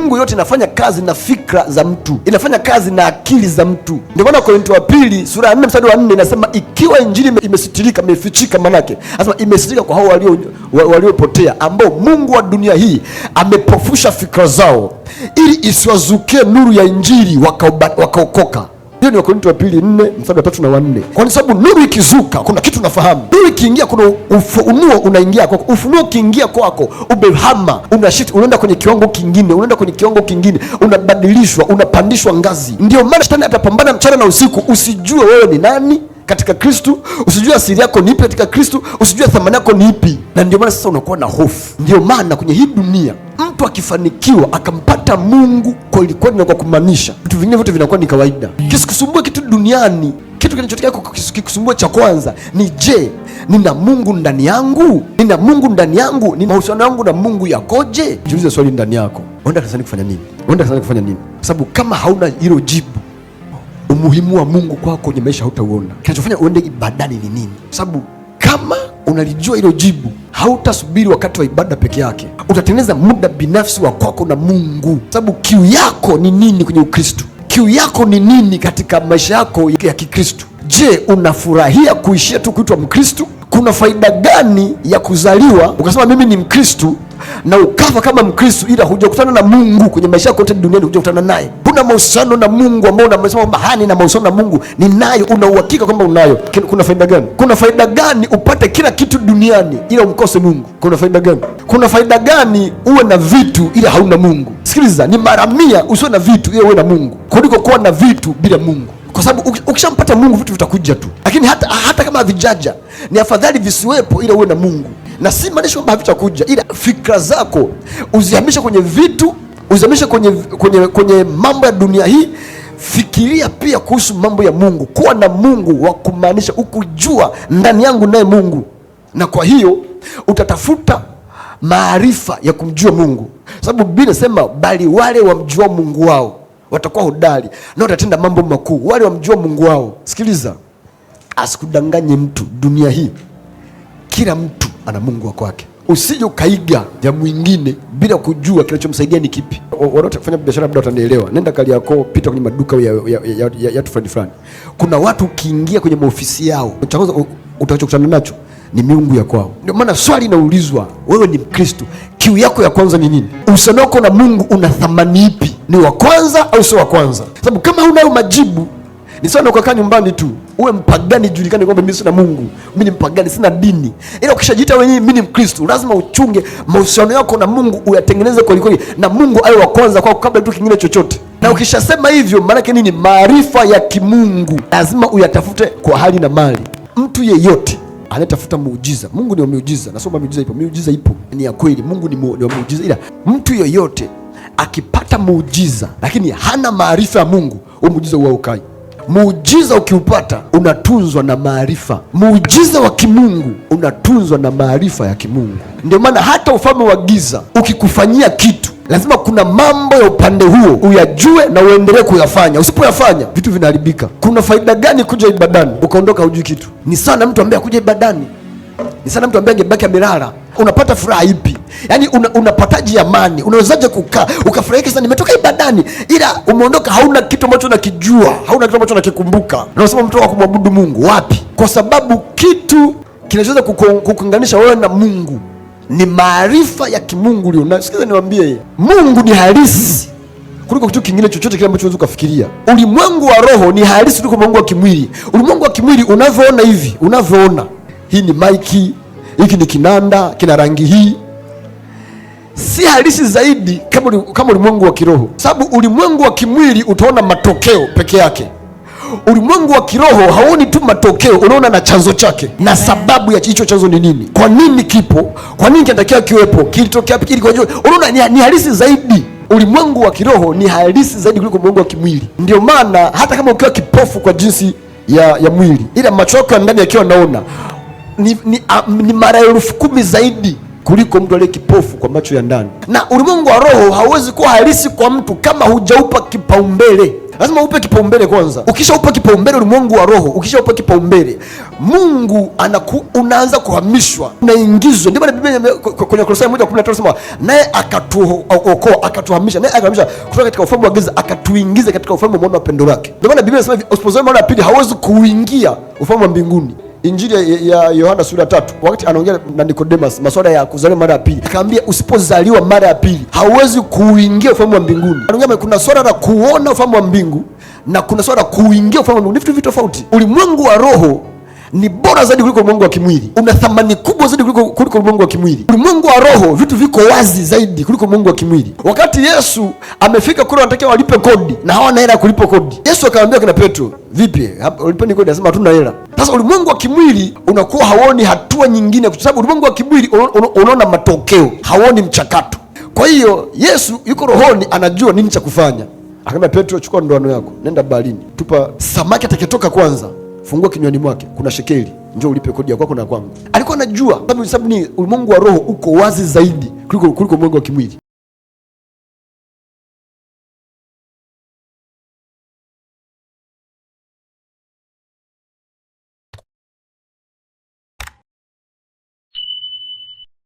miungu yote inafanya kazi na fikra za mtu, inafanya kazi na akili za mtu. Ndio maana Korinto wa pili sura ya 4 mstari wa 4 inasema ikiwa injili imesitirika, imefichika, manake anasema imesitirika kwa hao waliopotea, ambao mungu wa dunia hii amepofusha fikra zao, ili isiwazukie nuru ya injili wakaokoka. Hiyo ni Wakorinto wa pili nne mstari wa tatu na wanne. Kwa sababu nuru ikizuka, kuna kitu unafahamu. Nuru ikiingia, kuna ufunuo unaingia kwako. Ufunuo ukiingia kwako, umehama, unaenda kwenye kiwango kingine, unaenda kwenye kiwango kingine, unabadilishwa, unapandishwa ngazi. Ndio maana shetani atapambana mchana na usiku, usijue wewe ni nani katika Kristu, usijue asili yako ni ipi katika Kristu, usijue thamani yako ni ipi. Na ndio maana sasa unakuwa na hofu. Ndio maana kwenye hii dunia mtu akifanikiwa akampata Mungu kwa ilikuwa na kwa kumaanisha, vitu vingine vyote vinakuwa ni kawaida. kisikusumbua kitu duniani. Kitu kinachotokea kikusumbua cha kwanza ni je, nina Mungu ndani yangu? Nina Mungu ndani yangu? Ni mahusiano yangu na Mungu yakoje? Jiulize swali ndani yako, unaenda kanisani kufanya nini? Unaenda kanisani kufanya nini? Kwa sababu kama hauna hilo jibu umuhimu wa Mungu kwako kwenye maisha hautauona. Kinachofanya uende ibadani ni nini? sababu kama unalijua hilo jibu, hautasubiri wakati wa ibada peke yake, utatengeneza muda binafsi wa kwako na Mungu, sababu kiu yako ni nini kwenye Ukristo? Kiu yako ni nini katika maisha yako ya Kikristo? Je, unafurahia kuishia tu kuitwa Mkristo? Kuna faida gani ya kuzaliwa ukasema mimi ni Mkristo na ukafa kama Mkristo, ila hujakutana na Mungu kwenye maisha yako yote duniani, hujakutana naye. Kuna mahusiano na Mungu ambao unasema mahani na mahusiano na Mungu ninayo, una uhakika kwamba unayo. Kuna faida gani? Kuna faida gani upate kila kitu duniani ila umkose Mungu? Kuna faida gani? Kuna faida gani uwe na vitu ila hauna Mungu? Sikiliza, ni mara mia usiwe na vitu ila uwe na Mungu kuliko kuwa na vitu bila Mungu kwa sababu ukishampata Mungu vitu vitakuja tu, lakini hata, hata kama havijaja ni afadhali visiwepo, ila uwe na Mungu, na si maanisha kwamba havitakuja, ila fikra zako uzihamishe kwenye vitu, uzihamishe kwenye, kwenye, kwenye mambo ya dunia hii. Fikiria pia kuhusu mambo ya Mungu, kuwa na Mungu wa kumaanisha, ukujua ndani yangu naye Mungu, na kwa hiyo utatafuta maarifa ya kumjua Mungu, sababu Biblia inasema bali wale wamjua Mungu wao watakuwa hodari na watatenda mambo makuu, wale wamjua Mungu wao. Sikiliza, asikudanganye mtu. Dunia hii kila mtu ana mungu wa kwake. Usije ukaiga ya mwingine bila kujua kinachomsaidia ni kipi. Wanaofanya biashara labda watanielewa. Nenda Kariakoo, pita kwenye maduka ya, ya, ya, ya, ya fulani fulani. Kuna watu ukiingia kwenye maofisi yao, uchakoza utakachokutana nacho ni miungu ya kwao. Ndio maana swali inaulizwa, wewe ni Mkristo, kiu yako ya kwanza ni nini? Uhusiano wako na Mungu una thamani ipi? ni wa kwanza au sio wa kwanza? Sababu kama unayo majibu ni sawa na ukakaa nyumbani tu uwe mpagani, julikane kwamba mimi sina Mungu, mimi ni mpagani, sina dini. Ila ukishajiita wenyewe mimi ni Mkristo, lazima uchunge mahusiano yako na Mungu, uyatengeneze kweli kweli, na Mungu awe wa kwanza kwako kabla tu kingine chochote. Na ukishasema hivyo, maana yake nini? Maarifa ya kimungu lazima uyatafute kwa hali na mali. Mtu yeyote anayetafuta muujiza, Mungu ni wa miujiza, nasoma miujiza ipo, miujiza ipo, ni ya kweli, Mungu ni wa muujiza, ila mtu yeyote akipata muujiza lakini hana maarifa ya Mungu, huo muujiza huwa ukai. Muujiza ukiupata unatunzwa na maarifa. Muujiza wa kimungu unatunzwa na maarifa ya kimungu. Ndio maana hata ufalme wa giza ukikufanyia kitu, lazima kuna mambo ya upande huo uyajue na uendelee kuyafanya. Usipoyafanya vitu vinaharibika. Kuna faida gani kuja ibadani ukaondoka hujui kitu? Ni sana mtu ambaye akuja ibadani, ni sana mtu ambaye angebaki amelala unapata furaha ipi? Yaani una, unapataje amani? Unawezaje kukaa ukafurahika sana, nimetoka ibadani, ila umeondoka, hauna kitu ambacho unakijua, hauna kitu ambacho unakikumbuka. Unasema mtu kumwabudu Mungu wapi? Kwa sababu kitu kinachoweza kukuunganisha wewe na Mungu ni maarifa ya kimungu ulionayo. Sikiza niwaambie, Mungu ni halisi kuliko kitu kingine chochote kile ambacho unaweza kufikiria. Ulimwengu wa roho ni halisi kuliko ulimwengu wa kimwili. Ulimwengu wa kimwili unavyoona hivi, unavyoona hii ni maiki hiki ni kinanda, kina rangi hii, si halisi zaidi kama ulimwengu wa kiroho, sababu ulimwengu wa kimwili utaona matokeo peke yake. Ulimwengu wa kiroho hauoni tu matokeo, unaona na chanzo chake na sababu ya hicho chanzo ni nini, kwa nini kipo, kwa nini kinatakiwa kiwepo, kilitokea pikiri kwa hiyo Unaona ni, ni halisi zaidi. Ulimwengu wa kiroho ni halisi zaidi kuliko ulimwengu wa kimwili. Ndio maana hata kama ukiwa kipofu kwa jinsi ya, ya mwili, ila macho yako ya ndani yakiwa naona ni, ni, um, ni mara elfu kumi zaidi kuliko mtu aliye kipofu kwa macho ya ndani. Na ulimwengu wa roho hauwezi kuwa halisi kwa mtu kama hujaupa kipaumbele. Lazima upe kipaumbele kwanza. Ukishaupa kipaumbele ulimwengu wa roho, ukishaupa kipaumbele Mungu anaku, unaanza kuhamishwa, unaingizwa. Ndio maana Biblia kwenye Kolosai 1:13 nasema naye akatuokoa, akatuhamisha, naye akahamisha kutoka katika ufalme wa giza akatuingiza katika ufalme wa mwana wa pendo lake. Ndio maana Biblia inasema usipozoea mara ya pili hauwezi kuingia ufalme wa mbinguni. Injili ya Yohana sura tatu, wakati anaongea na Nikodemus masuala ya kuzaliwa mara ya pili, akamwambia usipozaliwa mara ya pili hauwezi kuingia ufalme wa mbinguni. Anaongea kuna swala la kuona ufalme wa mbingu na kuna swala la kuingia ufalme wa mbinguni, ni vitu vitofauti. Ulimwengu wa roho ni bora zaidi kuliko ulimwengu wa kimwili, una thamani kubwa zaidi kuliko kuliko ulimwengu wa kimwili. Ulimwengu wa roho, vitu viko wazi zaidi kuliko ulimwengu wa kimwili. Wakati Yesu amefika kule, wanatakiwa walipe kodi na hawana hela ya kulipa kodi. Yesu akamwambia kina Petro, vipi ulipeni kodi? Anasema hatuna hela. Sasa ulimwengu wa kimwili unakuwa hauoni hatua nyingine, kwa sababu ulimwengu wa kimwili unaona matokeo, hauoni mchakato. Kwa hiyo Yesu yuko rohoni, anajua nini cha kufanya. Akamwambia Petro, chukua ndoano yako, nenda baharini, tupa samaki atakayetoka kwanza fungua kinywani mwake kuna shekeli, njoo ulipe kodi ya kwako na kwangu. Alikuwa anajua, kwa sababu ni ulimwengu wa roho uko wazi zaidi kuliko kuliko ulimwengu wa kimwili.